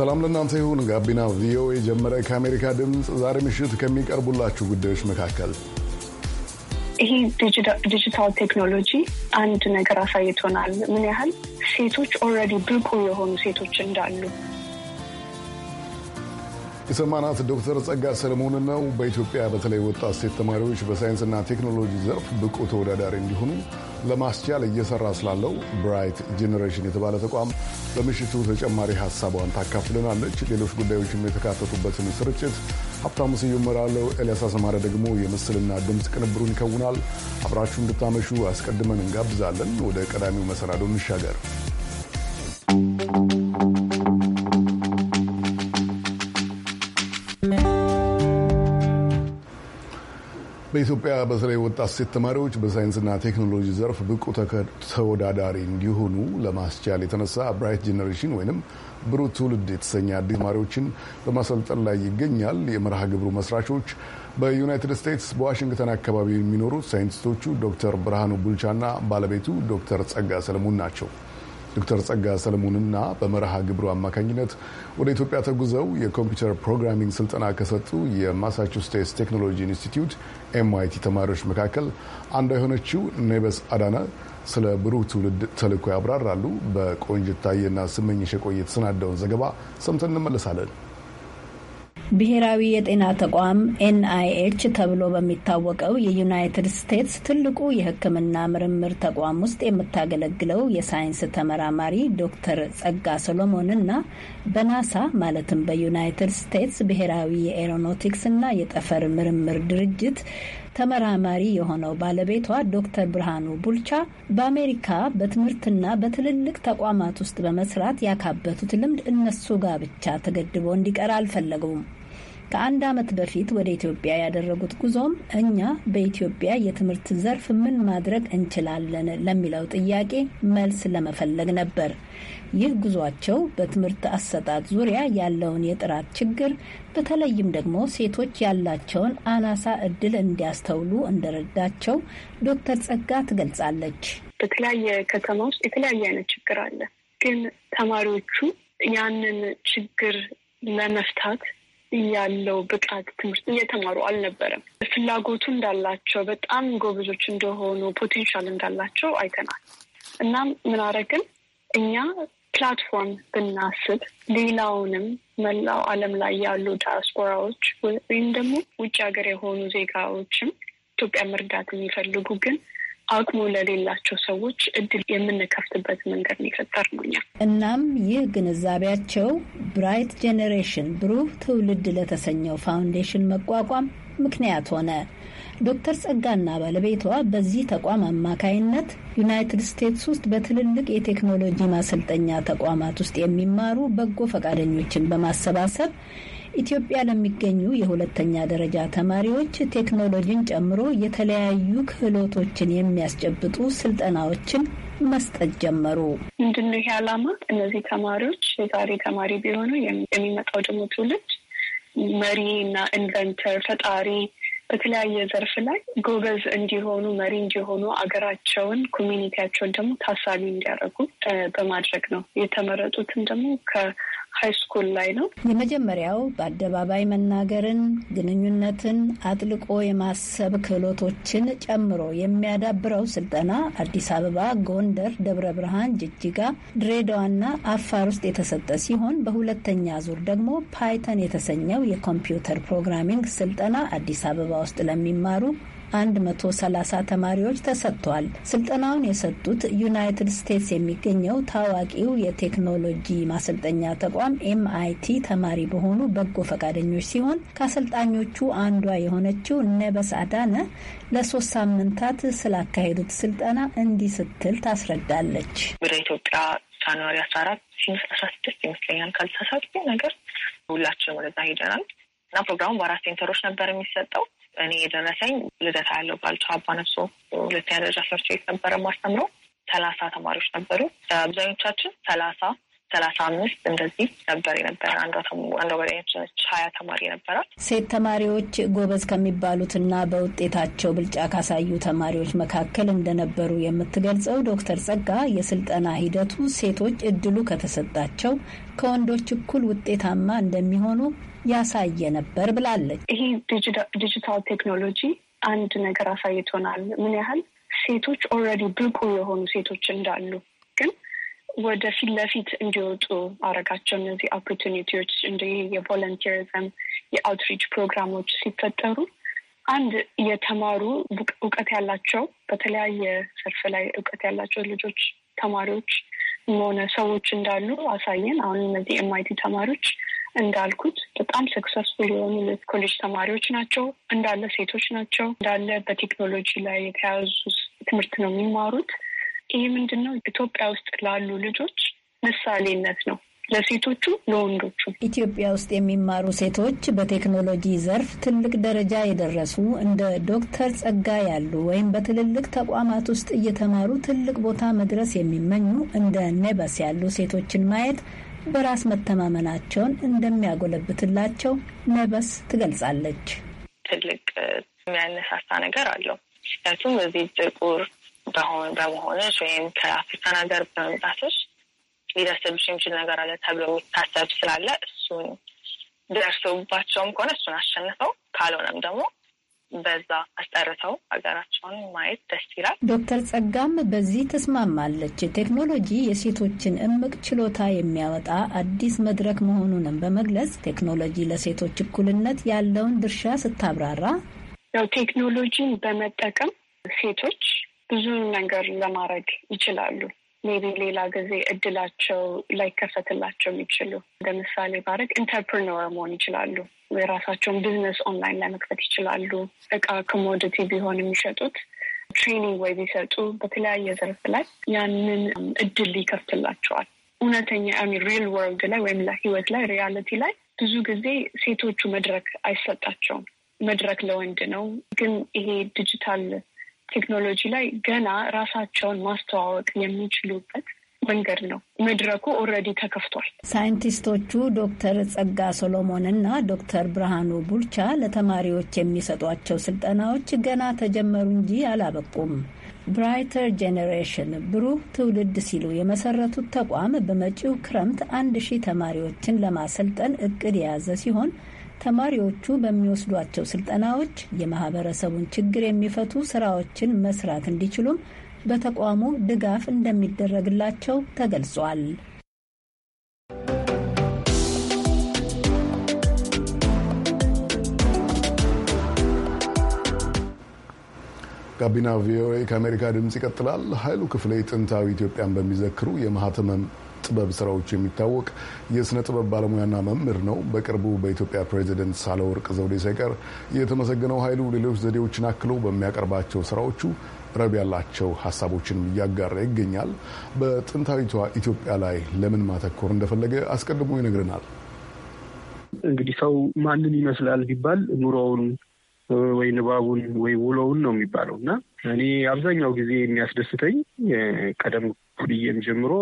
ሰላም ለእናንተ ይሁን። ጋቢና ቪኦኤ ጀመረ። ከአሜሪካ ድምፅ ዛሬ ምሽት ከሚቀርቡላችሁ ጉዳዮች መካከል ይሄ ዲጂታል ቴክኖሎጂ አንድ ነገር አሳይቶናል፣ ምን ያህል ሴቶች ኦልሬዲ ብቁ የሆኑ ሴቶች እንዳሉ የሰማናት ዶክተር ጸጋ ሰለሞን ነው። በኢትዮጵያ በተለይ ወጣት ሴት ተማሪዎች በሳይንስና ቴክኖሎጂ ዘርፍ ብቁ ተወዳዳሪ እንዲሆኑ ለማስቻል እየሰራ ስላለው ብራይት ጄኔሬሽን የተባለ ተቋም በምሽቱ ተጨማሪ ሀሳቧን ታካፍልናለች። ሌሎች ጉዳዮችም የተካተቱበትን ስርጭት ሀብታሙ ስዩም እመራለሁ። ኤልያስ አሰማረ ደግሞ የምስልና ድምፅ ቅንብሩን ይከውናል። አብራችሁ እንድታመሹ አስቀድመን እንጋብዛለን። ወደ ቀዳሚው መሰናዶ እንሻገር። በኢትዮጵያ በተለይ ወጣት ሴት ተማሪዎች በሳይንስና ቴክኖሎጂ ዘርፍ ብቁ ተወዳዳሪ እንዲሆኑ ለማስቻል የተነሳ ብራይት ጄኔሬሽን ወይም ብሩህ ትውልድ የተሰኘ አዲስ ተማሪዎችን በማሰልጠን ላይ ይገኛል። የመርሃ ግብሩ መስራቾች በዩናይትድ ስቴትስ በዋሽንግተን አካባቢ የሚኖሩት ሳይንቲስቶቹ ዶክተር ብርሃኑ ቡልቻና ባለቤቱ ዶክተር ጸጋ ሰለሞን ናቸው። ዶክተር ጸጋ ሰለሞንና በመርሃ ግብሩ አማካኝነት ወደ ኢትዮጵያ ተጉዘው የኮምፒውተር ፕሮግራሚንግ ስልጠና ከሰጡ የማሳቹሴትስ ቴክኖሎጂ ኢንስቲትዩት ኤምአይቲ ተማሪዎች መካከል አንዷ የሆነችው ኔበስ አዳነ ስለ ብሩህ ትውልድ ተልኮ ያብራራሉ። በቆንጅት ታዬና ስመኝሽ የቆየ የተሰናዳውን ዘገባ ሰምተን እንመለሳለን። ብሔራዊ የጤና ተቋም ኤንአይኤች ተብሎ በሚታወቀው የዩናይትድ ስቴትስ ትልቁ የሕክምና ምርምር ተቋም ውስጥ የምታገለግለው የሳይንስ ተመራማሪ ዶክተር ጸጋ ሰሎሞን እና በናሳ ማለትም በዩናይትድ ስቴትስ ብሔራዊ የኤሮኖቲክስ እና የጠፈር ምርምር ድርጅት ተመራማሪ የሆነው ባለቤቷ ዶክተር ብርሃኑ ቡልቻ በአሜሪካ በትምህርትና በትልልቅ ተቋማት ውስጥ በመስራት ያካበቱት ልምድ እነሱ ጋር ብቻ ተገድቦ እንዲቀር አልፈለጉም። ከአንድ ዓመት በፊት ወደ ኢትዮጵያ ያደረጉት ጉዞም እኛ በኢትዮጵያ የትምህርት ዘርፍ ምን ማድረግ እንችላለን ለሚለው ጥያቄ መልስ ለመፈለግ ነበር። ይህ ጉዟቸው በትምህርት አሰጣጥ ዙሪያ ያለውን የጥራት ችግር በተለይም ደግሞ ሴቶች ያላቸውን አናሳ እድል እንዲያስተውሉ እንደረዳቸው ዶክተር ጸጋ ትገልጻለች። በተለያየ ከተማ ውስጥ የተለያየ አይነት ችግር አለ። ግን ተማሪዎቹ ያንን ችግር ለመፍታት ያለው ብቃት ትምህርት እየተማሩ አልነበረም። ፍላጎቱ እንዳላቸው በጣም ጎበዞች እንደሆኑ ፖቴንሻል እንዳላቸው አይተናል። እናም ምን አረግን እኛ ፕላትፎርም ብናስብ ሌላውንም መላው ዓለም ላይ ያሉ ዳያስፖራዎች ወይም ደግሞ ውጭ ሀገር የሆኑ ዜጋዎችም ኢትዮጵያ መርዳት የሚፈልጉ ግን አቅሙ ለሌላቸው ሰዎች እድል የምንከፍትበት መንገድ ነው የፈጠርነው እናም ይህ ግንዛቤያቸው ብራይት ጄኔሬሽን ብሩህ ትውልድ ለተሰኘው ፋውንዴሽን መቋቋም ምክንያት ሆነ። ዶክተር ጸጋና ባለቤቷ በዚህ ተቋም አማካይነት ዩናይትድ ስቴትስ ውስጥ በትልልቅ የቴክኖሎጂ ማሰልጠኛ ተቋማት ውስጥ የሚማሩ በጎ ፈቃደኞችን በማሰባሰብ ኢትዮጵያ ለሚገኙ የሁለተኛ ደረጃ ተማሪዎች ቴክኖሎጂን ጨምሮ የተለያዩ ክህሎቶችን የሚያስጨብጡ ስልጠናዎችን መስጠት ጀመሩ። ምንድነው ይሄ ዓላማ? እነዚህ ተማሪዎች የዛሬ ተማሪ ቢሆኑ የሚመጣው ደግሞ ትውልድ መሪ እና ኢንቨንተር ፈጣሪ በተለያየ ዘርፍ ላይ ጎበዝ እንዲሆኑ መሪ እንዲሆኑ አገራቸውን ኮሚኒቲያቸውን ደግሞ ታሳቢ እንዲያደርጉ በማድረግ ነው። የተመረጡትም ደግሞ ሃይስኩል ላይ ነው። የመጀመሪያው በአደባባይ መናገርን፣ ግንኙነትን፣ አጥልቆ የማሰብ ክህሎቶችን ጨምሮ የሚያዳብረው ስልጠና አዲስ አበባ፣ ጎንደር፣ ደብረ ብርሃን፣ ጅጅጋ፣ ድሬዳዋና አፋር ውስጥ የተሰጠ ሲሆን በሁለተኛ ዙር ደግሞ ፓይተን የተሰኘው የኮምፒውተር ፕሮግራሚንግ ስልጠና አዲስ አበባ ውስጥ ለሚማሩ 130 ተማሪዎች ተሰጥቷል። ስልጠናውን የሰጡት ዩናይትድ ስቴትስ የሚገኘው ታዋቂው የቴክኖሎጂ ማሰልጠኛ ተቋም ኤምአይቲ ተማሪ በሆኑ በጎ ፈቃደኞች ሲሆን ከአሰልጣኞቹ አንዷ የሆነችው ነበስ አዳነ ለሶስት ሳምንታት ስላካሄዱት ስልጠና እንዲህ ስትል ታስረዳለች። ወደ ኢትዮጵያ ጃንዋሪ አስራ አራት አስራ ስድስት ይመስለኛል ካልተሳሳትኩ ነገር ሁላችንም ወደዛ ሄደናል እና ፕሮግራሙ በአራት ሴንተሮች ነበር የሚሰጠው እኔ የደረሰኝ ልደታ ያለው ባልቻ ነፍሶ ሁለተኛ ደረጃ ትምህርት ቤት ነበረ ማስተምረው ሰላሳ ተማሪዎች ነበሩ። አብዛኞቻችን ሰላሳ ሰላሳ አምስት እንደዚህ ነበር የነበረ። አንዷ ጓደኛችን ሀያ ተማሪ ነበራት። ሴት ተማሪዎች ጎበዝ ከሚባሉትና በውጤታቸው ብልጫ ካሳዩ ተማሪዎች መካከል እንደነበሩ የምትገልጸው ዶክተር ጸጋ የስልጠና ሂደቱ ሴቶች እድሉ ከተሰጣቸው ከወንዶች እኩል ውጤታማ እንደሚሆኑ ያሳየ ነበር ብላለች። ይሄ ዲጂታል ቴክኖሎጂ አንድ ነገር አሳይቶናል። ምን ያህል ሴቶች ኦልሬዲ ብቁ የሆኑ ሴቶች እንዳሉ ወደ ፊት ለፊት እንዲወጡ አረጋቸው። እነዚህ ኦፖርቹኒቲዎች እንደ የቮለንቲሪዝም የአውትሪች ፕሮግራሞች ሲፈጠሩ አንድ የተማሩ እውቀት ያላቸው በተለያየ ዘርፍ ላይ እውቀት ያላቸው ልጆች ተማሪዎች ሆነ ሰዎች እንዳሉ አሳየን። አሁን እነዚህ ኤምአይቲ ተማሪዎች እንዳልኩት በጣም ሰክሰስፉል የሆኑ ኮሌጅ ተማሪዎች ናቸው። እንዳለ ሴቶች ናቸው። እንዳለ በቴክኖሎጂ ላይ የተያዙ ትምህርት ነው የሚማሩት። ይሄ ምንድን ነው ኢትዮጵያ ውስጥ ላሉ ልጆች ምሳሌነት ነው ለሴቶቹ ለወንዶቹ። ኢትዮጵያ ውስጥ የሚማሩ ሴቶች በቴክኖሎጂ ዘርፍ ትልቅ ደረጃ የደረሱ እንደ ዶክተር ጸጋ ያሉ ወይም በትልልቅ ተቋማት ውስጥ እየተማሩ ትልቅ ቦታ መድረስ የሚመኙ እንደ ኔበስ ያሉ ሴቶችን ማየት በራስ መተማመናቸውን እንደሚያጎለብትላቸው ኔበስ ትገልጻለች። ትልቅ የሚያነሳሳ ነገር አለው። ምክንያቱም እዚህ ጥቁር በመሆንሽ ወይም ከአፍሪካን ሀገር በመምጣትሽ ሊደርስብሽ የሚችል ነገር አለ ተብሎ የሚታሰብ ስላለ እሱን ደርሶባቸውም ከሆነ እሱን አሸንፈው ካልሆነም ደግሞ በዛ አስጠርተው ሀገራቸውን ማየት ደስ ይላል። ዶክተር ጸጋም በዚህ ተስማማለች። ቴክኖሎጂ የሴቶችን እምቅ ችሎታ የሚያወጣ አዲስ መድረክ መሆኑንም በመግለጽ ቴክኖሎጂ ለሴቶች እኩልነት ያለውን ድርሻ ስታብራራ ያው ቴክኖሎጂን በመጠቀም ሴቶች ብዙ ነገር ለማድረግ ይችላሉ። ሜቢ ሌላ ጊዜ እድላቸው ላይከፈትላቸው የሚችሉ ለምሳሌ ምሳሌ ባረግ ኢንተርፕርነር መሆን ይችላሉ። የራሳቸውን ቢዝነስ ኦንላይን ለመክፈት ይችላሉ። እቃ ኮሞዲቲ ቢሆን የሚሸጡት ትሬኒንግ ወይ ቢሰጡ በተለያየ ዘርፍ ላይ ያንን እድል ይከፍትላቸዋል። እውነተኛ ሪል ወርልድ ላይ ወይም ለህይወት ላይ ሪያልቲ ላይ ብዙ ጊዜ ሴቶቹ መድረክ አይሰጣቸውም። መድረክ ለወንድ ነው። ግን ይሄ ዲጂታል ቴክኖሎጂ ላይ ገና ራሳቸውን ማስተዋወቅ የሚችሉበት መንገድ ነው። መድረኩ ኦልሬዲ ተከፍቷል። ሳይንቲስቶቹ ዶክተር ጸጋ ሶሎሞን እና ዶክተር ብርሃኑ ቡልቻ ለተማሪዎች የሚሰጧቸው ስልጠናዎች ገና ተጀመሩ እንጂ አላበቁም። ብራይተር ጄኔሬሽን ብሩህ ትውልድ ሲሉ የመሰረቱት ተቋም በመጪው ክረምት አንድ ሺህ ተማሪዎችን ለማሰልጠን እቅድ የያዘ ሲሆን ተማሪዎቹ በሚወስዷቸው ስልጠናዎች የማህበረሰቡን ችግር የሚፈቱ ስራዎችን መስራት እንዲችሉም በተቋሙ ድጋፍ እንደሚደረግላቸው ተገልጿል። ጋቢና ቪኦኤ ከአሜሪካ ድምፅ ይቀጥላል። ኃይሉ ክፍሌ ጥንታዊ ኢትዮጵያን በሚዘክሩ የማህተመም ጥበብ ስራዎች የሚታወቅ የሥነ ጥበብ ባለሙያና መምህር ነው። በቅርቡ በኢትዮጵያ ፕሬዚደንት ሳለወርቅ ዘውዴ ሳይቀር የተመሰገነው ኃይሉ ሌሎች ዘዴዎችን አክሎ በሚያቀርባቸው ስራዎቹ ረብ ያላቸው ሀሳቦችንም እያጋራ ይገኛል። በጥንታዊቷ ኢትዮጵያ ላይ ለምን ማተኮር እንደፈለገ አስቀድሞ ይነግረናል። እንግዲህ ሰው ማንን ይመስላል ቢባል ኑሮውን ወይ ንባቡን ወይ ውሎውን ነው የሚባለው እና እኔ አብዛኛው ጊዜ የሚያስደስተኝ ቀደም ኩልዬም ጀምሮ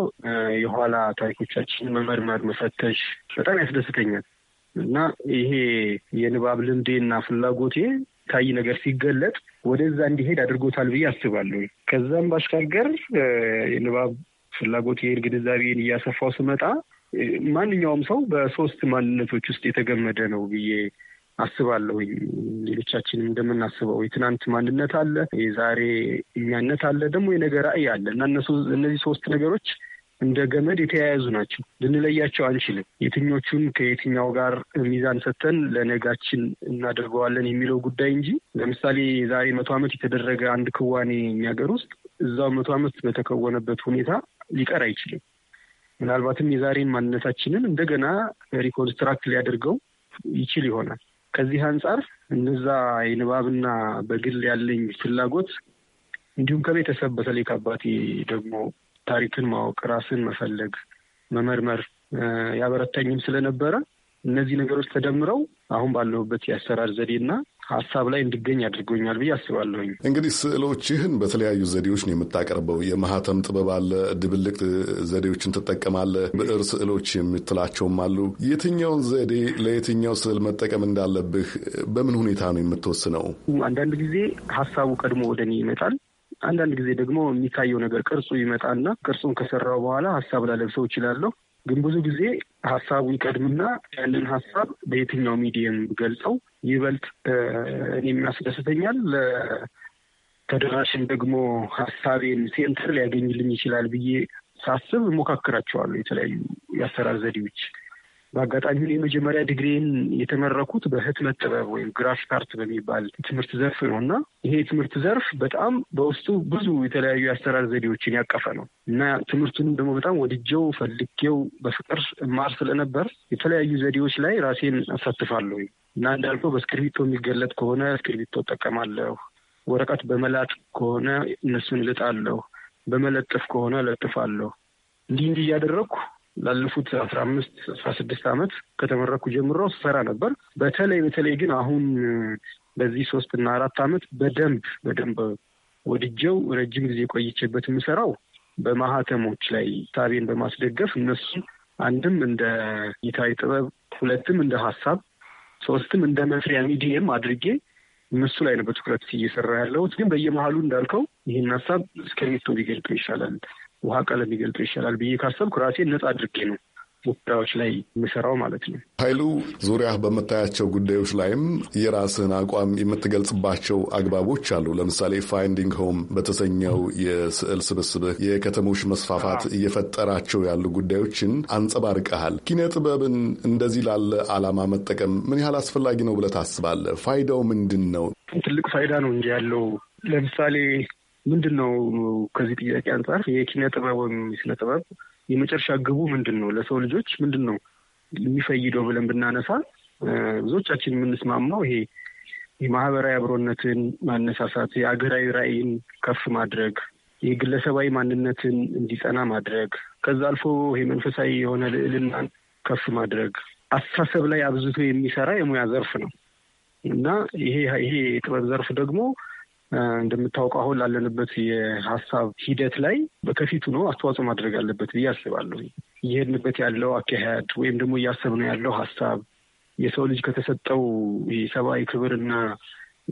የኋላ ታሪኮቻችን መመርመር፣ መፈተሽ በጣም ያስደስተኛል እና ይሄ የንባብ ልምዴ እና ፍላጎቴ ታይ ነገር ሲገለጥ ወደዛ እንዲሄድ አድርጎታል ብዬ አስባለሁ። ከዛም ባሻገር የንባብ ፍላጎቴን ግንዛቤን እያሰፋው ስመጣ ማንኛውም ሰው በሶስት ማንነቶች ውስጥ የተገመደ ነው ብዬ አስባለሁ። ሌሎቻችንም እንደምናስበው የትናንት ማንነት አለ፣ የዛሬ እኛነት አለ፣ ደግሞ የነገ ራዕይ አለ እና እነዚህ ሶስት ነገሮች እንደ ገመድ የተያያዙ ናቸው። ልንለያቸው አንችልም። የትኞቹን ከየትኛው ጋር ሚዛን ሰጥተን ለነጋችን እናደርገዋለን የሚለው ጉዳይ እንጂ ለምሳሌ የዛሬ መቶ ዓመት የተደረገ አንድ ክዋኔ የሚያገር ውስጥ እዛው መቶ ዓመት በተከወነበት ሁኔታ ሊቀር አይችልም። ምናልባትም የዛሬን ማንነታችንን እንደገና ሪኮንስትራክት ሊያደርገው ይችል ይሆናል። ከዚህ አንጻር እነዛ የንባብና በግል ያለኝ ፍላጎት እንዲሁም ከቤተሰብ በተለይ ከአባቴ ደግሞ ታሪክን ማወቅ፣ ራስን መፈለግ፣ መመርመር ያበረታኝም ስለነበረ እነዚህ ነገሮች ተደምረው አሁን ባለሁበት የአሰራር ዘዴና ሀሳብ ላይ እንድገኝ አድርጎኛል ብዬ አስባለሁኝ። እንግዲህ ስዕሎችህን በተለያዩ ዘዴዎች ነው የምታቀርበው። የማህተም ጥበብ አለ፣ ድብልቅ ዘዴዎችን ትጠቀማለህ፣ ብዕር ስዕሎች የምትላቸውም አሉ። የትኛውን ዘዴ ለየትኛው ስዕል መጠቀም እንዳለብህ በምን ሁኔታ ነው የምትወስነው? አንዳንድ ጊዜ ሀሳቡ ቀድሞ ወደ እኔ ይመጣል። አንዳንድ ጊዜ ደግሞ የሚታየው ነገር ቅርጹ ይመጣና ቅርጹን ከሰራው በኋላ ሀሳብ ላለብሰው እችላለሁ። ግን ብዙ ጊዜ ሀሳቡ ይቀድምና ያንን ሀሳብ በየትኛው ሚዲየም ገልጸው ይበልጥ እኔ የሚያስደስተኛል ለተደራሽን ደግሞ ሀሳቤን ሴንተር ሊያገኝልኝ ይችላል ብዬ ሳስብ እሞካክራቸዋለሁ የተለያዩ የአሰራር ዘዴዎች በአጋጣሚ የመጀመሪያ ዲግሪን የተመረኩት በህትመት ጥበብ ወይም ግራፊክ አርት በሚባል ትምህርት ዘርፍ ነው እና ይሄ የትምህርት ዘርፍ በጣም በውስጡ ብዙ የተለያዩ የአሰራር ዘዴዎችን ያቀፈ ነው እና ትምህርቱንም ደግሞ በጣም ወድጀው ፈልጌው በፍቅር ማር ስለነበር የተለያዩ ዘዴዎች ላይ ራሴን አሳትፋለሁ እና እንዳልከው በእስክርቢቶ የሚገለጥ ከሆነ እስክርቢቶ እጠቀማለሁ። ወረቀት በመላጥ ከሆነ እነሱን ልጣለሁ። በመለጠፍ ከሆነ እለጥፋለሁ። እንዲህ እንዲህ እያደረግኩ ላለፉት አስራ አምስት አስራ ስድስት ዓመት ከተመረኩ ጀምሮ ስሰራ ነበር። በተለይ በተለይ ግን አሁን በዚህ ሶስት እና አራት ዓመት በደንብ በደንብ ወድጀው ረጅም ጊዜ ቆይቼበት የምሰራው በማህተሞች ላይ ታቤን በማስደገፍ እነሱ አንድም እንደ ጌታዊ ጥበብ፣ ሁለትም እንደ ሀሳብ፣ ሶስትም እንደ መስሪያ ሚዲየም አድርጌ እነሱ ላይ ነው በትኩረት እየሰራ ያለሁት። ግን በየመሀሉ እንዳልከው ይህን ሀሳብ እስክሪብቶ ቢገልጡ ይሻላል ውሃ ቀለም ሊገልጠው ይሻላል ብዬ ካሰብኩ ራሴን ነጻ አድርጌ ነው ጉዳዮች ላይ የምሰራው ማለት ነው። ኃይሉ ዙሪያ በምታያቸው ጉዳዮች ላይም የራስህን አቋም የምትገልጽባቸው አግባቦች አሉ። ለምሳሌ ፋይንዲንግ ሆም በተሰኘው የስዕል ስብስብህ የከተሞች መስፋፋት እየፈጠራቸው ያሉ ጉዳዮችን አንጸባርቀሃል። ኪነ ጥበብን እንደዚህ ላለ ዓላማ መጠቀም ምን ያህል አስፈላጊ ነው ብለህ ታስባለህ? ፋይዳው ምንድን ነው? ትልቅ ፋይዳ ነው እንጂ ያለው ለምሳሌ ምንድን ነው ከዚህ ጥያቄ አንጻር የኪነ ጥበብ ወይም የስነ ጥበብ የመጨረሻ ግቡ ምንድን ነው? ለሰው ልጆች ምንድን ነው የሚፈይደው ብለን ብናነሳ ብዙዎቻችን የምንስማማው ይሄ የማህበራዊ አብሮነትን ማነሳሳት፣ የአገራዊ ራዕይን ከፍ ማድረግ፣ የግለሰባዊ ማንነትን እንዲጸና ማድረግ፣ ከዛ አልፎ ይሄ መንፈሳዊ የሆነ ልዕልናን ከፍ ማድረግ አስተሳሰብ ላይ አብዝቶ የሚሰራ የሙያ ዘርፍ ነው እና ይሄ ይሄ የጥበብ ዘርፍ ደግሞ እንደምታውቀው አሁን ላለንበት የሀሳብ ሂደት ላይ በከፊቱ ነው አስተዋጽኦ ማድረግ አለበት ብዬ አስባለሁ። እየሄድንበት ያለው አካሄድ ወይም ደግሞ እያሰብነው ያለው ሀሳብ የሰው ልጅ ከተሰጠው የሰብአዊ ክብርና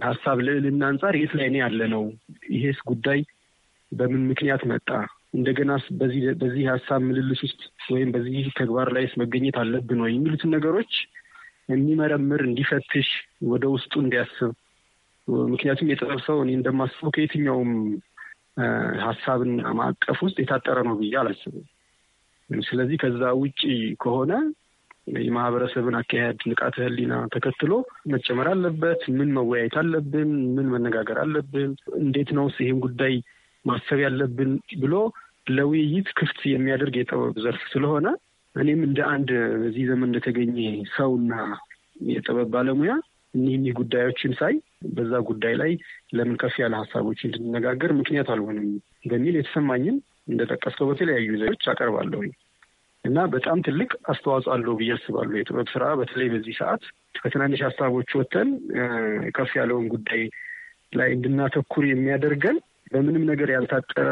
ሀሳብ ልዕልና አንጻር የት ላይ ነው ያለ ነው? ይሄስ ጉዳይ በምን ምክንያት መጣ? እንደገና በዚህ ሀሳብ ምልልስ ውስጥ ወይም በዚህ ተግባር ላይስ መገኘት አለብን ወይ የሚሉትን ነገሮች የሚመረምር እንዲፈትሽ፣ ወደ ውስጡ እንዲያስብ ምክንያቱም የጥበብ ሰው እኔ እንደማስበው ከየትኛውም ሀሳብና ማቀፍ ውስጥ የታጠረ ነው ብዬ አላስብም። ስለዚህ ከዛ ውጪ ከሆነ የማህበረሰብን አካሄድ፣ ንቃተ ህሊና ተከትሎ መጨመር አለበት። ምን መወያየት አለብን? ምን መነጋገር አለብን? እንዴት ነው ይህም ጉዳይ ማሰብ ያለብን ብሎ ለውይይት ክፍት የሚያደርግ የጥበብ ዘርፍ ስለሆነ እኔም እንደ አንድ በዚህ ዘመን እንደተገኘ ሰውና የጥበብ ባለሙያ እኒህ እኒህ ጉዳዮችን ሳይ በዛ ጉዳይ ላይ ለምን ከፍ ያለ ሀሳቦች እንድንነጋገር ምክንያት አልሆንም በሚል የተሰማኝን እንደጠቀስከው በተለያዩ ዘዎች አቀርባለሁ እና በጣም ትልቅ አስተዋጽኦ አለው ብዬ አስባለሁ። የጥበብ ስራ በተለይ በዚህ ሰዓት ከትናንሽ ሀሳቦች ወጥተን ከፍ ያለውን ጉዳይ ላይ እንድናተኩር የሚያደርገን በምንም ነገር ያልታጠረ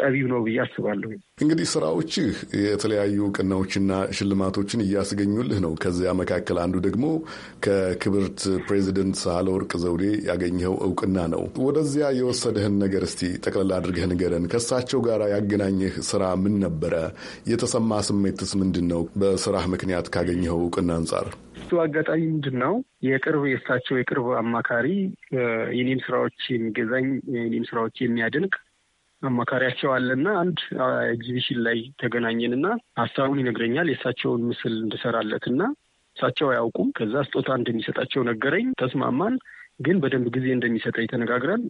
ጠቢብ ነው ብዬ አስባለሁ። እንግዲህ ስራዎችህ የተለያዩ እውቅናዎችና ሽልማቶችን እያስገኙልህ ነው። ከዚያ መካከል አንዱ ደግሞ ከክብርት ፕሬዚደንት ሳህለወርቅ ዘውዴ ያገኘኸው እውቅና ነው። ወደዚያ የወሰደህን ነገር እስቲ ጠቅለል አድርገህ ንገረን። ከእሳቸው ጋር ያገናኘህ ስራ ምን ነበረ? የተሰማ ስሜትስ ምንድን ነው? በስራህ ምክንያት ካገኘኸው እውቅና አንጻር እሱ አጋጣሚ ምንድን ነው የቅርብ የእሳቸው የቅርብ አማካሪ የኔም ስራዎች የሚገዛኝ የኔም ስራዎች የሚያደንቅ አማካሪያቸው አለና አንድ ኤግዚቢሽን ላይ ተገናኘንና ሀሳቡን ይነግረኛል። የእሳቸውን ምስል እንድሰራለት እና እሳቸው አያውቁም። ከዛ ስጦታ እንደሚሰጣቸው ነገረኝ። ተስማማን። ግን በደንብ ጊዜ እንደሚሰጠኝ ተነጋግረን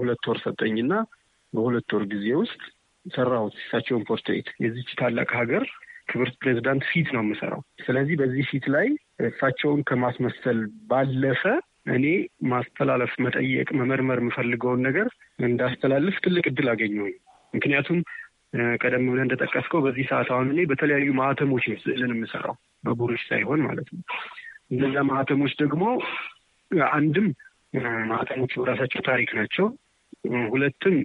ሁለት ወር ሰጠኝና በሁለት ወር ጊዜ ውስጥ ሰራሁት እሳቸውን ፖርትሬት የዚች ታላቅ ሀገር ክብርት ፕሬዚዳንት ፊት ነው የምሰራው። ስለዚህ በዚህ ፊት ላይ እሳቸውን ከማስመሰል ባለፈ እኔ ማስተላለፍ፣ መጠየቅ፣ መመርመር የምፈልገውን ነገር እንዳስተላልፍ ትልቅ እድል አገኘሁኝ። ምክንያቱም ቀደም ብለን እንደጠቀስከው በዚህ ሰዓት አሁን እኔ በተለያዩ ማህተሞች ነው ስዕልን የምሰራው በቡሮች ሳይሆን ማለት ነው። እነዛ ማህተሞች ደግሞ አንድም ማህተሞች በራሳቸው ታሪክ ናቸው። ሁለትም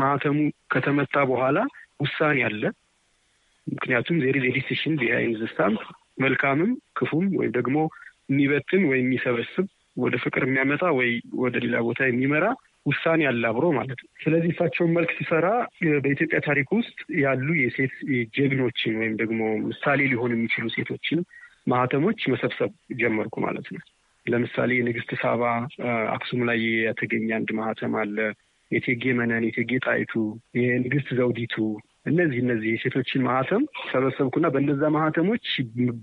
ማህተሙ ከተመታ በኋላ ውሳኔ አለ። ምክንያቱም ዜሪ ኢዝ ቢሃይንድ ዘ ስታምፕ መልካምም ክፉም ወይም ደግሞ የሚበትን ወይም የሚሰበስብ ወደ ፍቅር የሚያመጣ ወይ ወደ ሌላ ቦታ የሚመራ ውሳኔ ያለ አብሮ ማለት ነው። ስለዚህ እሳቸውን መልክ ሲሰራ በኢትዮጵያ ታሪክ ውስጥ ያሉ የሴት ጀግኖችን ወይም ደግሞ ምሳሌ ሊሆኑ የሚችሉ ሴቶችን ማህተሞች መሰብሰብ ጀመርኩ ማለት ነው። ለምሳሌ የንግስት ሳባ አክሱም ላይ የተገኘ አንድ ማህተም አለ። የቴጌ መነን፣ የቴጌ ጣይቱ፣ የንግስት ዘውዲቱ እነዚህ እነዚህ የሴቶችን ማህተም ሰበሰብኩና በእነዛ ማህተሞች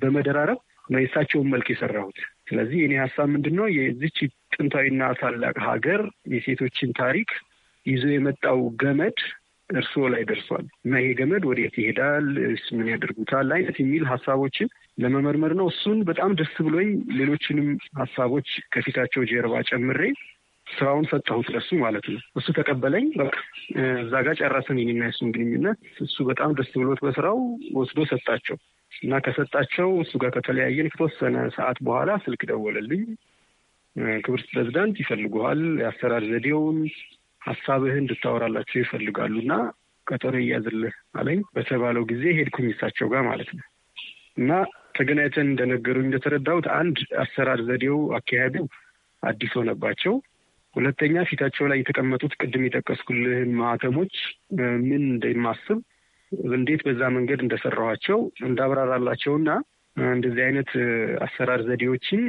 በመደራረብ ነው የእሳቸውን መልክ የሰራሁት። ስለዚህ እኔ ሀሳብ ምንድን ነው የዚች ጥንታዊና ታላቅ ሀገር የሴቶችን ታሪክ ይዞ የመጣው ገመድ እርስዎ ላይ ደርሷል እና ይሄ ገመድ ወዴት ይሄዳል፣ ምን ያደርጉታል አይነት የሚል ሀሳቦችን ለመመርመር ነው። እሱን በጣም ደስ ብሎኝ ሌሎችንም ሀሳቦች ከፊታቸው ጀርባ ጨምሬ ስራውን ሰጠሁት ለሱ ማለት ነው። እሱ ተቀበለኝ። በቃ እዛ ጋር ጨረስን የኔና የሱን ግንኙነት። እሱ በጣም ደስ ብሎት በስራው ወስዶ ሰጣቸው። እና ከሰጣቸው እሱ ጋር ከተለያየን ከተወሰነ ሰዓት በኋላ ስልክ ደወለልኝ። ክብርት ፕሬዚዳንት ይፈልጉሃል፣ የአሰራር ዘዴውን ሀሳብህን እንድታወራላቸው ይፈልጋሉ እና ቀጠሮ ይያዝልህ አለኝ። በተባለው ጊዜ ሄድኩኝ እሳቸው ጋር ማለት ነው እና ተገናኝተን እንደነገሩኝ እንደተረዳሁት አንድ አሰራር ዘዴው አካሄዱ አዲስ ሆነባቸው። ሁለተኛ ፊታቸው ላይ የተቀመጡት ቅድም የጠቀስኩልህን ማህተሞች ምን እንደማስብ እንዴት በዛ መንገድ እንደሰራኋቸው እንዳብራራላቸውና እንደዚህ አይነት አሰራር ዘዴዎችን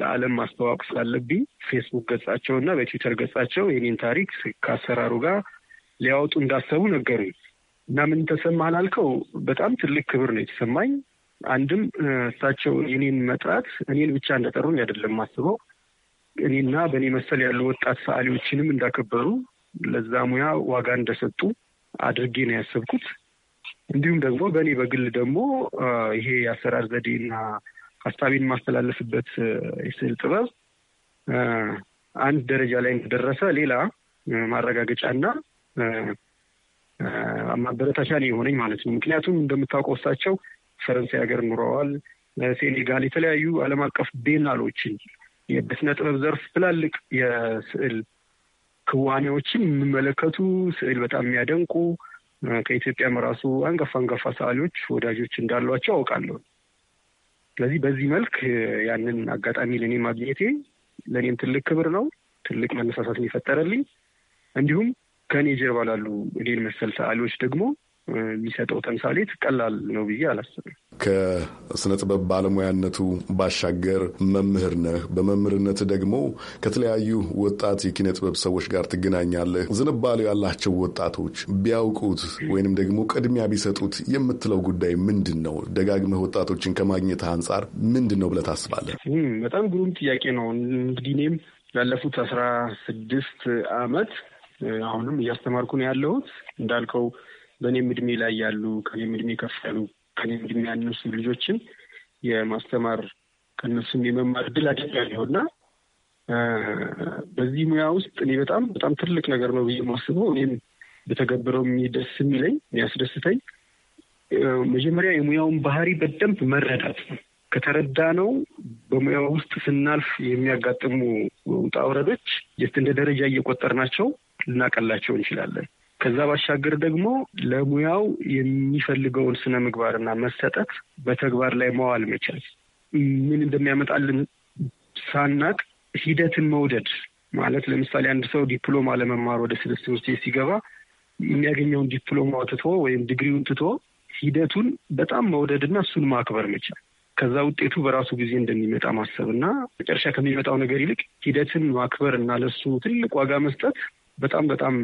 ለዓለም ማስተዋወቅ ስላለብኝ ፌስቡክ ገጻቸው እና በትዊተር ገጻቸው የኔን ታሪክ ከአሰራሩ ጋር ሊያወጡ እንዳሰቡ ነገሩኝ እና ምን ተሰማህ ላልከው በጣም ትልቅ ክብር ነው የተሰማኝ። አንድም እሳቸው የኔን መጥራት እኔን ብቻ እንደጠሩኝ አይደለም ማስበው እኔና በእኔ መሰል ያሉ ወጣት ሰዓሊዎችንም እንዳከበሩ ለዛ ሙያ ዋጋ እንደሰጡ አድርጌ ነው ያሰብኩት። እንዲሁም ደግሞ በእኔ በግል ደግሞ ይሄ የአሰራር ዘዴና ሀሳቤን የማስተላለፍበት የስዕል ጥበብ አንድ ደረጃ ላይ እንደደረሰ ሌላ ማረጋገጫና ማበረታቻ ነው የሆነኝ ማለት ነው። ምክንያቱም እንደምታውቀው እሳቸው ፈረንሳይ ሀገር ኑረዋል፣ ሴኔጋል፣ የተለያዩ ዓለም አቀፍ ቤናሎችን የበስነ ጥበብ ዘርፍ ትላልቅ የስዕል ክዋኔዎችን የሚመለከቱ ስዕል በጣም የሚያደንቁ ከኢትዮጵያም ራሱ አንጋፋ አንጋፋ ሰዓሊዎች ወዳጆች እንዳሏቸው አውቃለሁ። ስለዚህ በዚህ መልክ ያንን አጋጣሚ ለእኔ ማግኘቴ ለእኔም ትልቅ ክብር ነው፣ ትልቅ መነሳሳትን ይፈጠረልኝ እንዲሁም ከእኔ ጀርባ ላሉ እኔን መሰል ሰዓሊዎች ደግሞ የሚሰጠው ተምሳሌት ቀላል ነው ብዬ አላስብም። ከስነ ጥበብ ባለሙያነቱ ባሻገር መምህር ነህ። በመምህርነት ደግሞ ከተለያዩ ወጣት የኪነ ጥበብ ሰዎች ጋር ትገናኛለህ። ዝንባሌው ያላቸው ወጣቶች ቢያውቁት ወይንም ደግሞ ቅድሚያ ቢሰጡት የምትለው ጉዳይ ምንድን ነው? ደጋግመህ ወጣቶችን ከማግኘት አንጻር ምንድን ነው ብለህ ታስባለህ? በጣም ግሩም ጥያቄ ነው። እንግዲህ እኔም ላለፉት አስራ ስድስት አመት አሁንም እያስተማርኩ ነው ያለሁት እንዳልከው በእኔም እድሜ ላይ ያሉ ከኔም እድሜ ከፍ ያሉ ከኔ እድሜ ያነሱ ልጆችን የማስተማር ከነሱ የመማር እድል አግኝቻለሁ እና በዚህ ሙያ ውስጥ እኔ በጣም በጣም ትልቅ ነገር ነው ብዬ ማስበው እኔም በተገብረው የሚደስ የሚለኝ የሚያስደስተኝ መጀመሪያ የሙያውን ባህሪ በደንብ መረዳት ከተረዳ ነው በሙያው ውስጥ ስናልፍ የሚያጋጥሙ ውጣ ውረዶች እንደ ደረጃ እየቆጠርናቸው ልናቀላቸው እንችላለን። ከዛ ባሻገር ደግሞ ለሙያው የሚፈልገውን ስነ ምግባርና መሰጠት በተግባር ላይ መዋል መቻል ምን እንደሚያመጣልን ሳናቅ ሂደትን መውደድ ማለት ለምሳሌ አንድ ሰው ዲፕሎማ ለመማር ወደ ስድስት ትምህርት ቤት ሲገባ የሚያገኘውን ዲፕሎማ ትቶ ወይም ዲግሪውን ትቶ ሂደቱን በጣም መውደድና እሱን ማክበር መቻል ከዛ ውጤቱ በራሱ ጊዜ እንደሚመጣ ማሰብ እና መጨረሻ ከሚመጣው ነገር ይልቅ ሂደትን ማክበር እና ለሱ ትልቅ ዋጋ መስጠት በጣም በጣም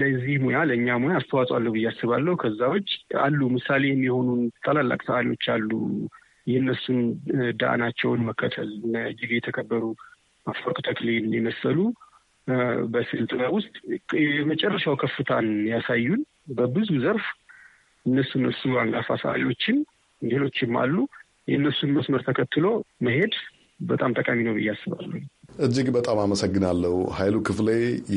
ለዚህ ሙያ ለእኛ ሙያ አስተዋጽኦ አለው ብዬ አስባለሁ። ከዛ ውጭ አሉ ምሳሌ የሚሆኑን ታላላቅ ሰዓሊዎች አሉ። የእነሱን ዳናቸውን መከተል እነ እጅግ የተከበሩ አፈወርቅ ተክሌን የመሰሉ በስዕል ጥበብ ውስጥ የመጨረሻው ከፍታን ያሳዩን በብዙ ዘርፍ እነሱ እነሱ አንጋፋ ሰዓሊዎችን ሌሎችም አሉ። የእነሱን መስመር ተከትሎ መሄድ በጣም ጠቃሚ ነው ብዬ አስባለሁ። እጅግ በጣም አመሰግናለሁ። ኃይሉ ክፍሌ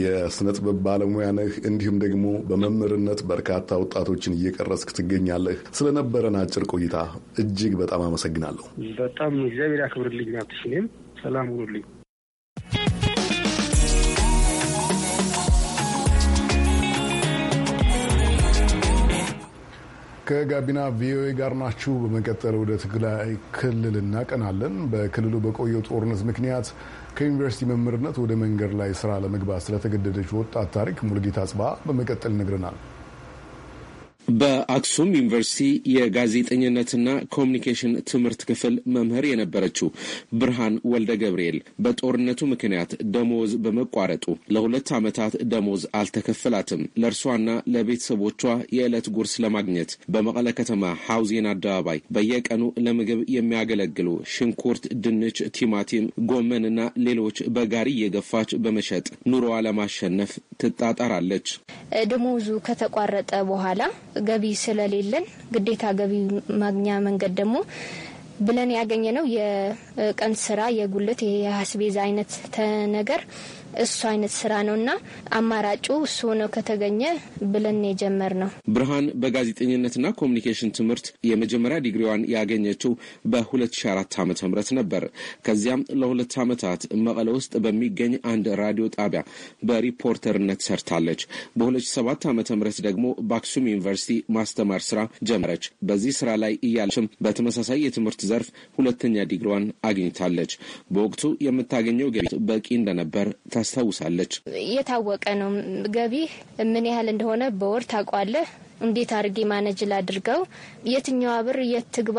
የስነ ጥበብ ባለሙያ ነህ፣ እንዲሁም ደግሞ በመምህርነት በርካታ ወጣቶችን እየቀረስክ ትገኛለህ። ስለነበረን አጭር ቆይታ እጅግ በጣም አመሰግናለሁ። በጣም እግዚአብሔር ያክብርልኝ። ናትሽኔም ሰላም ሁኑልኝ። ከጋቢና ቪኦኤ ጋር ናችሁ። በመቀጠል ወደ ትግራይ ክልል እናቀናለን። በክልሉ በቆየው ጦርነት ምክንያት ከዩኒቨርሲቲ መምህርነት ወደ መንገድ ላይ ስራ ለመግባት ስለተገደደች ወጣት ታሪክ ሙልጌታ ጽባ በመቀጠል ይነግረናል። በአክሱም ዩኒቨርሲቲ የጋዜጠኝነትና ኮሚኒኬሽን ትምህርት ክፍል መምህር የነበረችው ብርሃን ወልደ ገብርኤል በጦርነቱ ምክንያት ደሞዝ በመቋረጡ ለሁለት ዓመታት ደሞዝ አልተከፈላትም። ለእርሷና ለቤተሰቦቿ የዕለት ጉርስ ለማግኘት በመቀለ ከተማ ሐውዜን አደባባይ በየቀኑ ለምግብ የሚያገለግሉ ሽንኩርት፣ ድንች፣ ቲማቲም፣ ጎመንና ሌሎች በጋሪ እየገፋች በመሸጥ ኑሮዋ ለማሸነፍ ትጣጣራለች። ደሞዙ ከተቋረጠ በኋላ ገቢ ስለሌለን ግዴታ ገቢ ማግኛ መንገድ ደግሞ ብለን ያገኘ ነው የቀን ስራ የጉልት የአስቤዛ አይነት ነገር እሱ አይነት ስራ ነውና አማራጩ እሱ ሆነው ከተገኘ ብለን የጀመር ነው። ብርሃን በጋዜጠኝነትና ኮሚኒኬሽን ትምህርት የመጀመሪያ ዲግሪዋን ያገኘችው በ2004 ዓ ም ነበር። ከዚያም ለሁለት ዓመታት መቀለ ውስጥ በሚገኝ አንድ ራዲዮ ጣቢያ በሪፖርተርነት ሰርታለች። በ2007 ዓ ም ደግሞ በአክሱም ዩኒቨርሲቲ ማስተማር ስራ ጀመረች። በዚህ ስራ ላይ እያለችም በተመሳሳይ የትምህርት ዘርፍ ሁለተኛ ዲግሪዋን አግኝታለች። በወቅቱ የምታገኘው ገቢ በቂ እንደነበር ታስታውሳለች። የታወቀ ነው ገቢ ምን ያህል እንደሆነ በወር ታውቋለህ። እንዴት አድርጌ ማነጅ ላድርገው፣ የትኛዋ ብር የት ትግባ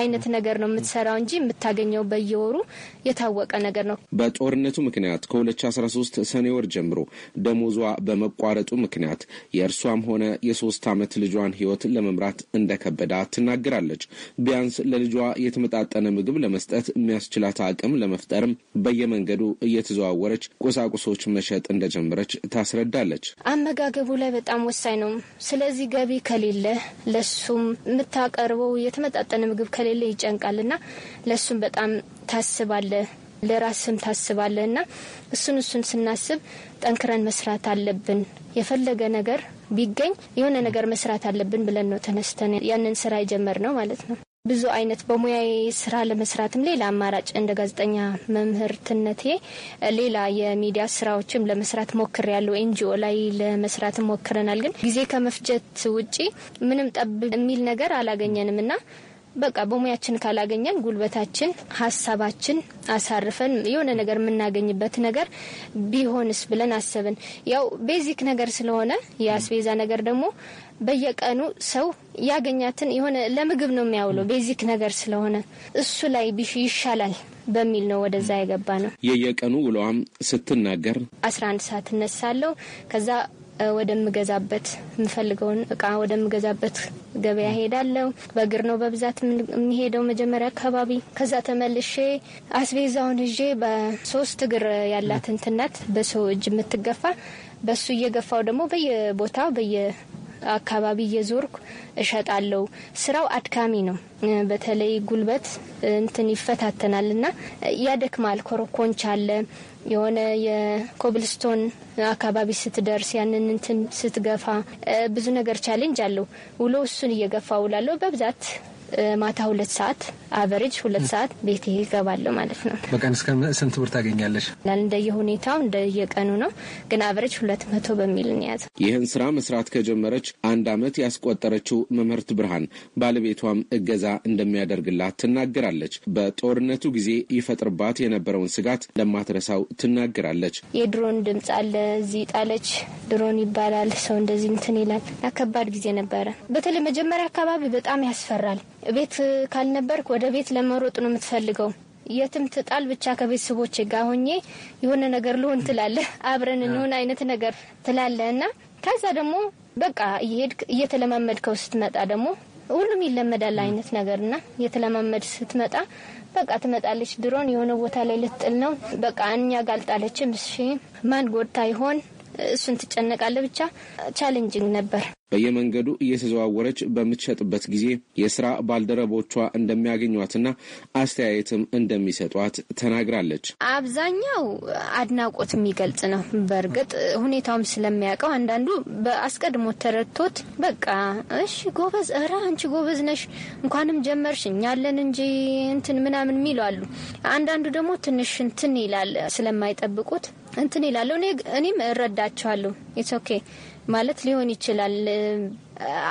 አይነት ነገር ነው የምትሰራው እንጂ የምታገኘው በየወሩ የታወቀ ነገር ነው። በጦርነቱ ምክንያት ከ2013 ሰኔ ወር ጀምሮ ደሞዟ በመቋረጡ ምክንያት የእርሷም ሆነ የሶስት ዓመት ልጇን ህይወት ለመምራት እንደከበዳ ትናገራለች። ቢያንስ ለልጇ የተመጣጠነ ምግብ ለመስጠት የሚያስችላት አቅም ለመፍጠርም በየመንገዱ እየተዘዋወረች ቁሳቁሶች መሸጥ እንደጀመረች ታስረዳለች። አመጋገቡ ላይ በጣም ወሳኝ ነው። ስለዚህ ገቢ ከሌለ ለሱም የምታቀርበው የተመጣጠነ ምግብ ከሌለ ይጨንቃልና ለእሱም በጣም ታስባለ ለራስም ታስባለህ እና እሱን እሱን ስናስብ ጠንክረን መስራት አለብን። የፈለገ ነገር ቢገኝ የሆነ ነገር መስራት አለብን ብለን ነው ተነስተን ያንን ስራ የጀመር ነው ማለት ነው። ብዙ አይነት በሙያዬ ስራ ለመስራትም ሌላ አማራጭ እንደ ጋዜጠኛ መምህርትነቴ ሌላ የሚዲያ ስራዎችም ለመስራት ሞክር ያለው ኤንጂኦ ላይ ለመስራት ሞክረናል። ግን ጊዜ ከመፍጀት ውጪ ምንም ጠብ የሚል ነገር አላገኘንም እና በቃ በሙያችን ካላገኘን ጉልበታችን፣ ሀሳባችን አሳርፈን የሆነ ነገር የምናገኝበት ነገር ቢሆንስ ብለን አሰብን። ያው ቤዚክ ነገር ስለሆነ የአስቤዛ ነገር ደግሞ በየቀኑ ሰው ያገኛትን የሆነ ለምግብ ነው የሚያውለው ቤዚክ ነገር ስለሆነ እሱ ላይ ቢሽ ይሻላል በሚል ነው ወደዛ የገባ ነው። የየቀኑ ውሏም ስትናገር አስራ አንድ ሰዓት እነሳለሁ ከዛ ወደምገዛበት የምፈልገውን እቃ ወደምገዛበት ገበያ ሄዳለው። በእግር ነው በብዛት የሚሄደው መጀመሪያ አካባቢ። ከዛ ተመልሼ አስቤዛውን ይዤ በሶስት እግር ያላት እንትናት በሰው እጅ የምትገፋ በሱ እየገፋው ደግሞ በየቦታው በየ አካባቢ እየዞርኩ እሸጣለው። ስራው አድካሚ ነው። በተለይ ጉልበት እንትን ይፈታተናል እና ያደክማል። ኮረኮንች አለ የሆነ የኮብልስቶን አካባቢ ስትደርስ ያንን እንትን ስትገፋ ብዙ ነገር ቻሌንጅ አለው። ውሎ እሱን እየገፋ ውላለሁ በብዛት ማታ ሁለት ሰዓት አቨሬጅ ሁለት ሰዓት ቤት ይገባለሁ ማለት ነው። በቀን እስከ ስንት ብር ታገኛለሽ? እንደየ ሁኔታው እንደየቀኑ ነው፣ ግን አቨሬጅ ሁለት መቶ በሚል እንያዘ። ይህን ስራ መስራት ከጀመረች አንድ አመት ያስቆጠረችው መምህርት ብርሃን ባለቤቷም እገዛ እንደሚያደርግላት ትናገራለች። በጦርነቱ ጊዜ ይፈጥርባት የነበረውን ስጋት ለማትረሳው ትናገራለች። የድሮን ድምፅ አለ፣ እዚህ ጣለች፣ ድሮን ይባላል፣ ሰው እንደዚህ እንትን ይላል። ከባድ ጊዜ ነበረ። በተለይ መጀመሪያ አካባቢ በጣም ያስፈራል። ቤት ካልነበርክ ወደ ቤት ለመሮጥ ነው የምትፈልገው። የትም ትጣል ብቻ ከቤተሰቦች ጋር ሆኜ የሆነ ነገር ልሆን ትላለህ፣ አብረን እንሆን አይነት ነገር ትላለህ እና ከዛ ደግሞ በቃ እየሄድክ እየተለማመድከው ስትመጣ ደግሞ ሁሉም ይለመዳል አይነት ነገርና እየተለማመድ ስትመጣ በቃ ትመጣለች። ድሮን የሆነ ቦታ ላይ ልትጥል ነው በቃ እኛ ጋልጣለችም። እሺ ማን ጎድታ ይሆን እሱን ትጨነቃለ። ብቻ ቻሌንጅንግ ነበር። በየመንገዱ እየተዘዋወረች በምትሸጥበት ጊዜ የስራ ባልደረቦቿ እንደሚያገኟትና አስተያየትም እንደሚሰጧት ተናግራለች። አብዛኛው አድናቆት የሚገልጽ ነው። በእርግጥ ሁኔታውም ስለሚያውቀው አንዳንዱ በአስቀድሞ ተረድቶት በቃ እሺ ጎበዝ፣ እረ አንቺ ጎበዝ ነሽ፣ እንኳንም ጀመርሽ፣ እኛለን እንጂ እንትን ምናምን የሚሉ አሉ። አንዳንዱ ደግሞ ትንሽ እንትን ይላል ስለማይጠብቁት እንትን ይላለሁ። እኔ እኔም እረዳቸዋለሁ። ኢትስ ኦኬ ማለት ሊሆን ይችላል።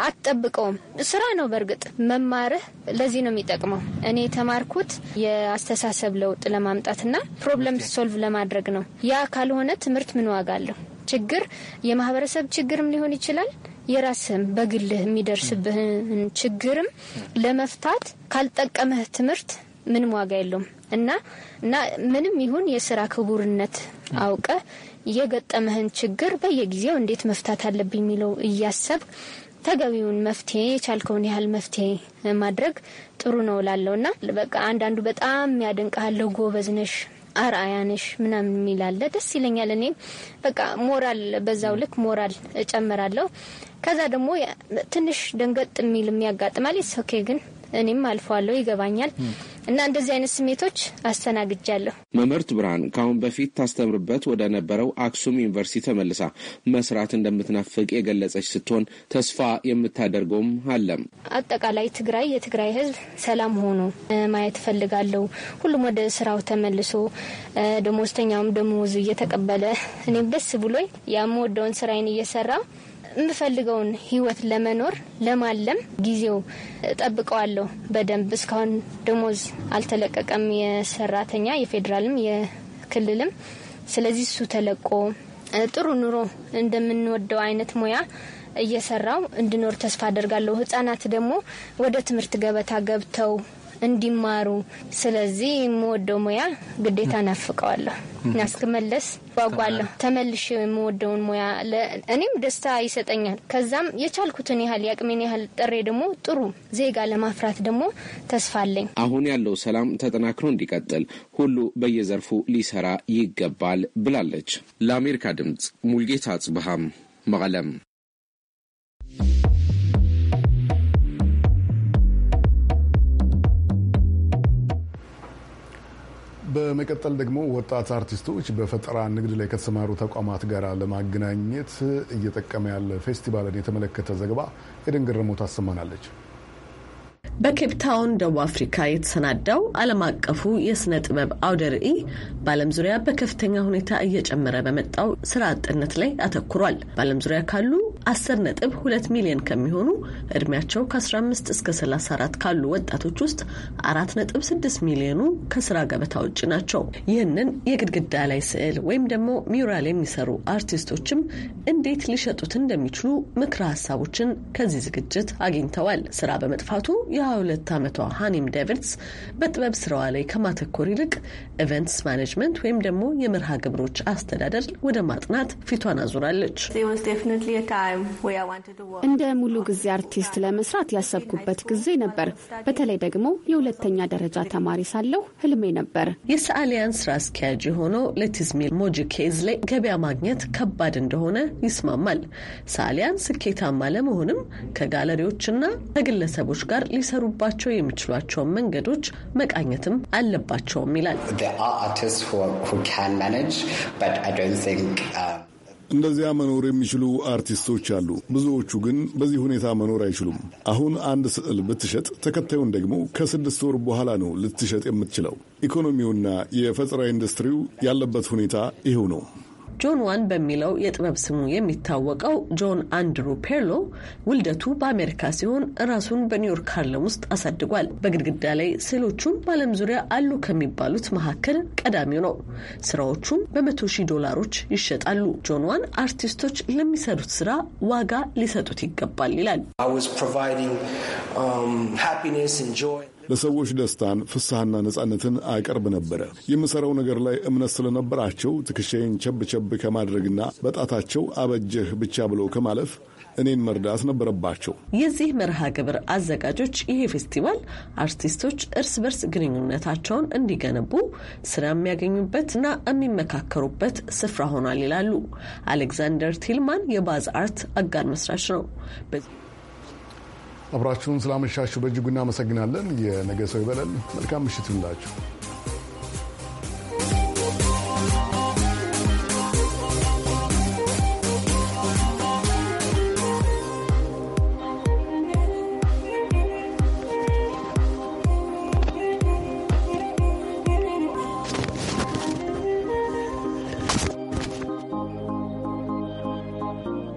አትጠብቀውም። ስራ ነው። በእርግጥ መማርህ ለዚህ ነው የሚጠቅመው። እኔ የተማርኩት የአስተሳሰብ ለውጥ ለማምጣትና ፕሮብለም ሶልቭ ለማድረግ ነው። ያ ካልሆነ ትምህርት ምን ዋጋ አለው? ችግር የማህበረሰብ ችግርም ሊሆን ይችላል። የራስህም በግልህ የሚደርስብህን ችግርም ለመፍታት ካልጠቀመህ ትምህርት ምንም ዋጋ የለውም እና እና ምንም ይሁን የስራ ክቡርነት አውቀ የገጠመህን ችግር በየጊዜው እንዴት መፍታት አለብኝ የሚለው እያሰብ ተገቢውን መፍትሄ የቻልከውን ያህል መፍትሄ ማድረግ ጥሩ ነው ላለው እና በቃ አንዳንዱ በጣም ያደንቀሃለሁ፣ ጎበዝ ነሽ፣ አርአያ ነሽ ምናምን የሚላለ ደስ ይለኛል። እኔ በቃ ሞራል በዛው ልክ ሞራል እጨምራለሁ። ከዛ ደግሞ ትንሽ ደንገጥ የሚል የሚያጋጥማል። ኦኬ ግን እኔም አልፈዋለሁ፣ ይገባኛል። እና እንደዚህ አይነት ስሜቶች አስተናግጃለሁ። መምህርት ብርሃን ከአሁን በፊት ታስተምርበት ወደ ነበረው አክሱም ዩኒቨርሲቲ ተመልሳ መስራት እንደምትናፍቅ የገለጸች ስትሆን ተስፋ የምታደርገውም አለም። አጠቃላይ ትግራይ የትግራይ ህዝብ ሰላም ሆኖ ማየት እፈልጋለሁ። ሁሉም ወደ ስራው ተመልሶ ደሞዝተኛውም ደሞዙ እየተቀበለ እኔም ደስ ብሎኝ የምወደውን ስራዬን እየሰራ የምፈልገውን ህይወት ለመኖር ለማለም ጊዜው ጠብቀዋለሁ። በደንብ እስካሁን ደሞዝ አልተለቀቀም፣ የሰራተኛ የፌዴራልም የክልልም። ስለዚህ እሱ ተለቆ ጥሩ ኑሮ እንደምንወደው አይነት ሙያ እየሰራው እንድኖር ተስፋ አደርጋለሁ። ህጻናት ደግሞ ወደ ትምህርት ገበታ ገብተው እንዲማሩ። ስለዚህ የምወደው ሙያ ግዴታ ናፍቀዋለሁ፣ እስክመለስ ጓጓለሁ። ተመልሽ የምወደውን ሙያ እኔም ደስታ ይሰጠኛል። ከዛም የቻልኩትን ያህል የአቅሜን ያህል ጥሬ ደግሞ ጥሩ ዜጋ ለማፍራት ደግሞ ተስፋ አለኝ። አሁን ያለው ሰላም ተጠናክሮ እንዲቀጥል ሁሉ በየዘርፉ ሊሰራ ይገባል ብላለች። ለአሜሪካ ድምጽ ሙልጌታ አጽብሃም መቀለም በመቀጠል ደግሞ ወጣት አርቲስቶች በፈጠራ ንግድ ላይ ከተሰማሩ ተቋማት ጋር ለማገናኘት እየጠቀመ ያለ ፌስቲቫልን የተመለከተ ዘገባ የደንገረሞት አሰማናለች። ታሰማናለች። በኬፕታውን ደቡብ አፍሪካ የተሰናዳው ዓለም አቀፉ የሥነ ጥበብ አውደ ርዕይ በዓለም ዙሪያ በከፍተኛ ሁኔታ እየጨመረ በመጣው ስራ አጥነት ላይ አተኩሯል። በዓለም ዙሪያ ካሉ 10 ነጥብ 2 ሚሊዮን ከሚሆኑ እድሜያቸው ከ15 እስከ 34 ካሉ ወጣቶች ውስጥ 4 ነጥብ 6 ሚሊዮኑ ከስራ ገበታ ውጭ ናቸው። ይህንን የግድግዳ ላይ ስዕል ወይም ደግሞ ሚውራል የሚሰሩ አርቲስቶችም እንዴት ሊሸጡት እንደሚችሉ ምክረ ሀሳቦችን ከዚህ ዝግጅት አግኝተዋል። ስራ በመጥፋቱ 22 ዓመቷ ሃኒም ዴቪድስ በጥበብ ስራዋ ላይ ከማተኮር ይልቅ ኢቨንትስ ማኔጅመንት ወይም ደግሞ የመርሃ ግብሮች አስተዳደር ወደ ማጥናት ፊቷን አዙራለች። እንደ ሙሉ ጊዜ አርቲስት ለመስራት ያሰብኩበት ጊዜ ነበር። በተለይ ደግሞ የሁለተኛ ደረጃ ተማሪ ሳለሁ ህልሜ ነበር። የሰዓሊያን ስራ አስኪያጅ የሆነው ለቲዝሚል ሞጂኬዝ ላይ ገበያ ማግኘት ከባድ እንደሆነ ይስማማል። ሰዓሊያን ስኬታማ ለመሆንም ከጋለሪዎችና ከግለሰቦች ጋር ሊሰ ሊሰሩባቸው የሚችሏቸውን መንገዶች መቃኘትም አለባቸውም ይላል። um, እንደዚያ መኖር የሚችሉ አርቲስቶች አሉ። ብዙዎቹ ግን በዚህ ሁኔታ መኖር አይችሉም። አሁን አንድ ስዕል ብትሸጥ ተከታዩን ደግሞ ከስድስት ወር በኋላ ነው ልትሸጥ የምትችለው። ኢኮኖሚውና የፈጠራ ኢንዱስትሪው ያለበት ሁኔታ ይኸው ነው። ጆን ዋን በሚለው የጥበብ ስሙ የሚታወቀው ጆን አንድሩ ፔርሎ ውልደቱ በአሜሪካ ሲሆን ራሱን በኒውዮርክ ሃርለም ውስጥ አሳድጓል። በግድግዳ ላይ ስዕሎቹም በዓለም ዙሪያ አሉ ከሚባሉት መካከል ቀዳሚው ነው። ስራዎቹም በመቶ ሺህ ዶላሮች ይሸጣሉ። ጆን ዋን አርቲስቶች ለሚሰሩት ስራ ዋጋ ሊሰጡት ይገባል ይላል። ለሰዎች ደስታን፣ ፍስሐና ነጻነትን አቀርብ ነበረ። የምሠራው ነገር ላይ እምነት ስለነበራቸው ትከሻዬን ቸብቸብ ከማድረግና በጣታቸው አበጀህ ብቻ ብለው ከማለፍ እኔን መርዳት ነበረባቸው። የዚህ መርሃ ግብር አዘጋጆች ይሄ ፌስቲቫል አርቲስቶች እርስ በርስ ግንኙነታቸውን እንዲገነቡ ስራ የሚያገኙበትና የሚመካከሩበት ስፍራ ሆኗል ይላሉ። አሌክዛንደር ቲልማን የባዝ አርት አጋር መስራች ነው። አብራችሁን ስላመሻችሁ በእጅጉ እናመሰግናለን። የነገ ሰው ይበለን። መልካም ምሽት ይሁንላችሁ።